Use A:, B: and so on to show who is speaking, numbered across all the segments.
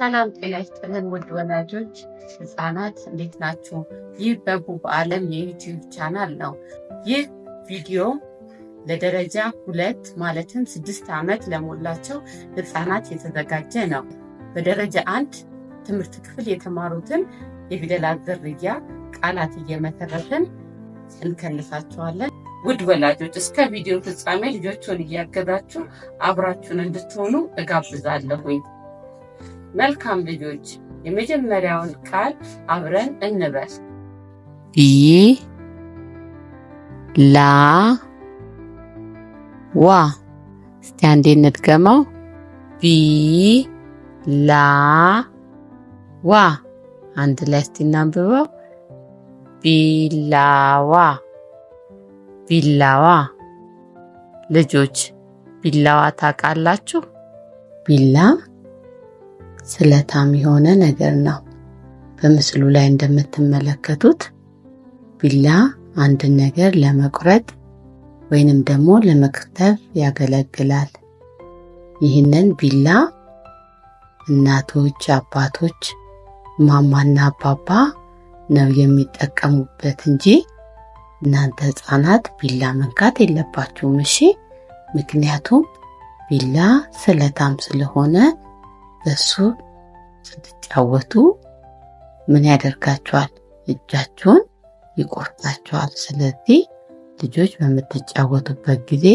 A: ሰላም ጤና ይስጥልን ውድ ወላጆች፣ ህፃናት እንዴት ናችሁ? ይህ በቡ አለም የዩቲዩብ ቻናል ነው። ይህ ቪዲዮ ለደረጃ ሁለት ማለትም ስድስት ዓመት ለሞላቸው ህፃናት የተዘጋጀ ነው። በደረጃ አንድ ትምህርት ክፍል የተማሩትን የፊደላት ዝርያ ቃላት እየመሰረትን እንከልሳቸዋለን። ውድ ወላጆች እስከ ቪዲዮ ፍጻሜ ልጆቹን እያገዛችሁ አብራችሁን እንድትሆኑ እጋብዛለሁኝ። መልካም ልጆች፣ የመጀመሪያውን ቃል አብረን እንበል።
B: ይ ላ ዋ። እስቲ አንዴ እንድገመው። ቢ ላ ዋ። አንድ ላይ እስቲ እናንብበው። ቢላዋ ቢላዋ። ልጆች ቢላዋ ታውቃላችሁ? ቢላ ስለታም የሆነ ነገር ነው። በምስሉ ላይ እንደምትመለከቱት ቢላ አንድን ነገር ለመቁረጥ ወይንም ደግሞ ለመክተፍ ያገለግላል። ይህንን ቢላ እናቶች፣ አባቶች፣ ማማና አባባ ነው የሚጠቀሙበት እንጂ እናንተ ህፃናት ቢላ መንካት የለባችሁም እሺ። ምክንያቱም ቢላ ስለታም ስለሆነ በሱ ስትጫወቱ ምን ያደርጋችኋል? እጃችሁን ይቆርጣችኋል። ስለዚህ ልጆች በምትጫወቱበት ጊዜ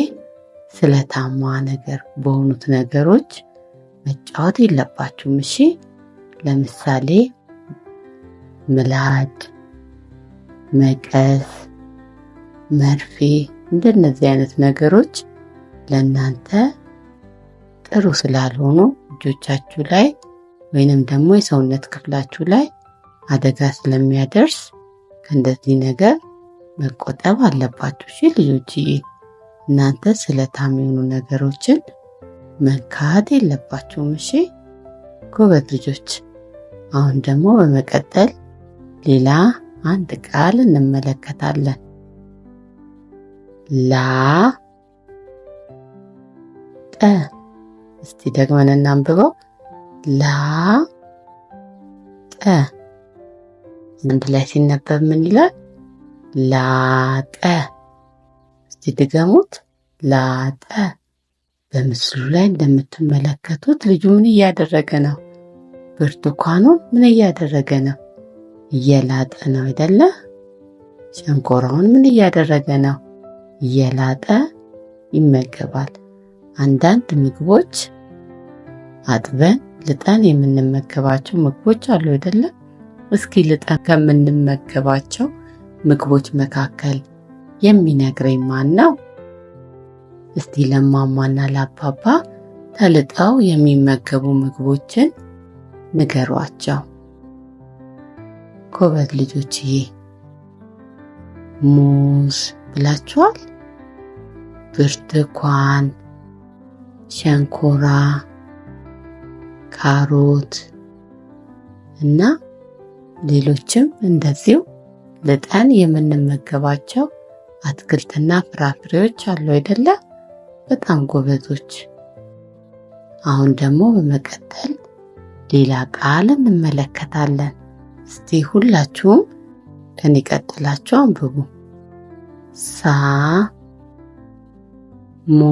B: ስለታማ ነገር በሆኑት ነገሮች መጫወት የለባችሁም። እሺ፣ ለምሳሌ ምላድ፣ መቀስ፣ መርፌ እንደነዚህ አይነት ነገሮች ለእናንተ ጥሩ ስላልሆኑ እጆቻችሁ ላይ ወይንም ደግሞ የሰውነት ክፍላችሁ ላይ አደጋ ስለሚያደርስ ከእንደዚህ ነገር መቆጠብ አለባችሁ። እሺ ልጆችዬ፣ እናንተ ስለታም የሆኑ ነገሮችን መንካት የለባችሁም። እሺ ጎበዝ ልጆች። አሁን ደግሞ በመቀጠል ሌላ አንድ ቃል እንመለከታለን። ላ ጠ እስቲ ደግመን እናንብበው። ላ ጠ አንድ ላይ ሲነበብ ምን ይላል? ላጠ። እስቲ ድገሙት። ላጠ። በምስሉ ላይ እንደምትመለከቱት ልጁ ምን እያደረገ ነው? ብርቱካኑን ምን እያደረገ ነው? እየላጠ ነው አይደለ? ሸንኮራውን ምን እያደረገ ነው? እየላጠ ይመገባል። አንዳንድ ምግቦች አጥበን ልጠን የምንመገባቸው ምግቦች አሉ አይደለም? እስኪ ልጠን ከምንመገባቸው ምግቦች መካከል የሚነግረኝ ማን ነው? እስቲ ለማማና ለአባባ ተልጠው የሚመገቡ ምግቦችን ንገሯቸው። ጎበዝ ልጆችዬ፣ ሙዝ ብላችኋል። ብርቱካን ሸንኮራ፣ ካሮት እና ሌሎችም እንደዚሁ ልጠን የምንመገባቸው አትክልትና ፍራፍሬዎች አሉ አይደለ? በጣም ጎበዞች። አሁን ደግሞ በመቀጠል ሌላ ቃል እንመለከታለን። እስቲ ሁላችሁም ከኔ ቀጥላችሁ አንብቡ። ሳ ሙ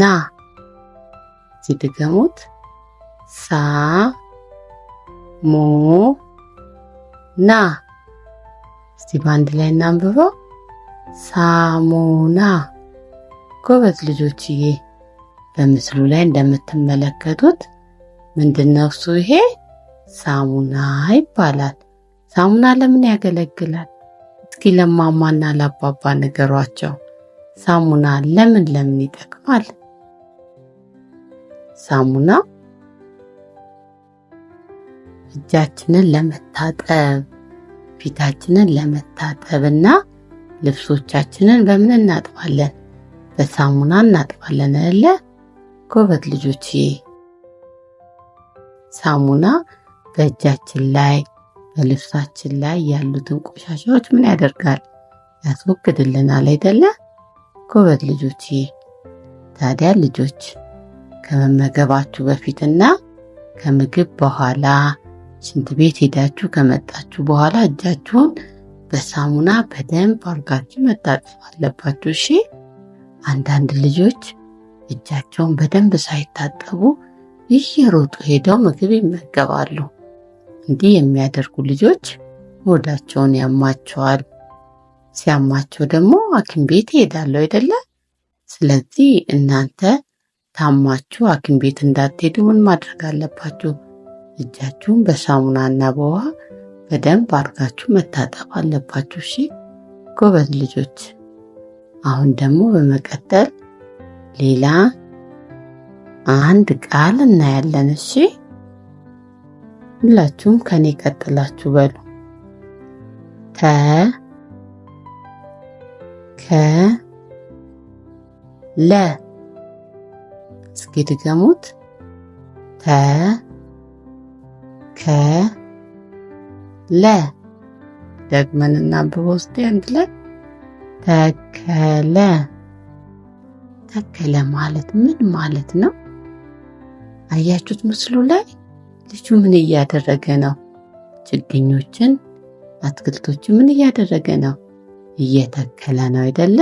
B: ና ሲደገሙት ሳ ሞ ና እስቲ በአንድ ላይ እናንብበው። ሳሙና። ጎበዝ ልጆችዬ፣ በምስሉ ላይ እንደምትመለከቱት ምንድነው እሱ? ይሄ ሳሙና ይባላል። ሳሙና ለምን ያገለግላል? እስኪ ለማማና ለአባባ ነገሯቸው? ሳሙና ለምን ለምን ይጠቅማል? ሳሙና እጃችንን ለመታጠብ ፊታችንን ለመታጠብ እና ልብሶቻችንን በምን እናጥባለን? በሳሙና እናጥባለን አይደለ? ጎበዝ ልጆች። ሳሙና በእጃችን ላይ በልብሳችን ላይ ያሉትን ቆሻሻዎች ምን ያደርጋል? ያስወግድልናል አይደለ? ጎበዝ ልጆቼ። ታዲያ ልጆች ከመመገባችሁ በፊትና ከምግብ በኋላ ሽንት ቤት ሄዳችሁ ከመጣችሁ በኋላ እጃችሁን በሳሙና በደንብ አድርጋችሁ መታጠብ አለባችሁ። እሺ። አንዳንድ ልጆች እጃቸውን በደንብ ሳይታጠቡ እየሮጡ ሄደው ምግብ ይመገባሉ። እንዲህ የሚያደርጉ ልጆች ሆዳቸውን ያማቸዋል፣ ሲያማቸው ደግሞ ሐኪም ቤት ይሄዳሉ አይደለ? ስለዚህ እናንተ ታማችሁ ሐኪም ቤት እንዳትሄዱ ምን ማድረግ አለባችሁ? እጃችሁን በሳሙናና በውሃ በደንብ አድርጋችሁ መታጠብ አለባችሁ። እሺ ጎበዝ ልጆች። አሁን ደግሞ በመቀጠል ሌላ አንድ ቃል እናያለን። እሺ ሁላችሁም ከኔ ቀጥላችሁ በሉ ተ ከለ እስኪ ድገሙት። ተ ከ ለ ደግመን እናንብበው እስቲ አንድ ላይ ተከለ። ተከለ ማለት ምን ማለት ነው? አያችሁት? ምስሉ ላይ ልጁ ምን እያደረገ ነው? ችግኞችን፣ አትክልቶችን ምን እያደረገ ነው? እየተከለ ነው አይደለ?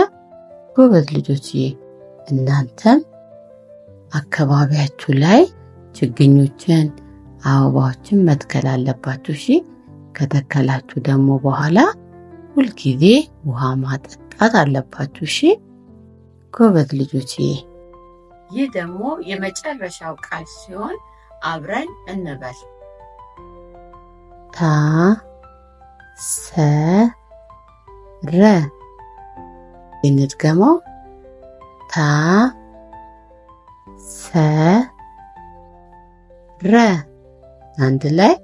B: ጎበዝ ልጆችዬ፣ እናንተም አካባቢያችሁ ላይ ችግኞችን፣ አበባዎችን መትከል አለባችሁ። እሺ፣ ከተከላችሁ ደግሞ በኋላ ሁልጊዜ ውሃ ማጠጣት አለባችሁ። እሺ፣ ጎበዝ ልጆችዬ።
A: ይህ ደግሞ የመጨረሻው ቃል ሲሆን አብረን እንበል
B: ታ ሰ ረ የንድገመው ታ ሰ ረ አንድ ላይ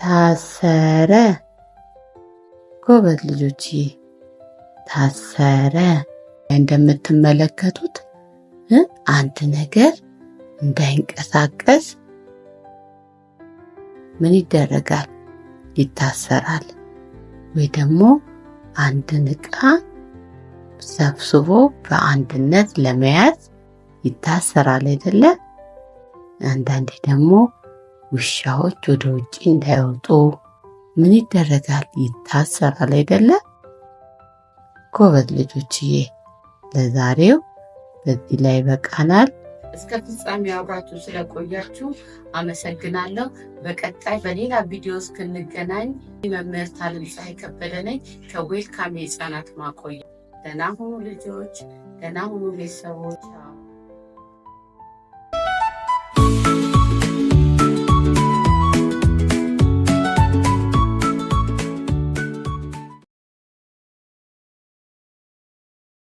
B: ታሰረ። ጎበዝ ልጆች ታሰረ። እንደምትመለከቱት አንድ ነገር እንዳይንቀሳቀስ ምን ይደረጋል? ይታሰራል ወይ ደግሞ አንድን ዕቃ ሰብስቦ በአንድነት ለመያዝ ይታሰራል አይደለ? አንዳንዴ ደግሞ ውሻዎች ወደ ውጭ እንዳይወጡ ምን ይደረጋል? ይታሰራል አይደለ? ጎበዝ ልጆችዬ፣ ለዛሬው በዚህ ላይ በቃናል።
A: እስከ ፍጻሜ አብራችሁ ስለቆያችሁ አመሰግናለሁ። በቀጣይ በሌላ ቪዲዮ እስክንገናኝ መምህር ታለምፀሐይ ከበደ ነኝ ከዌልካም የህፃናት ማቆያ። ደህና ሁኑ ልጆች፣ ደህና ሁኑ ቤተሰቦች።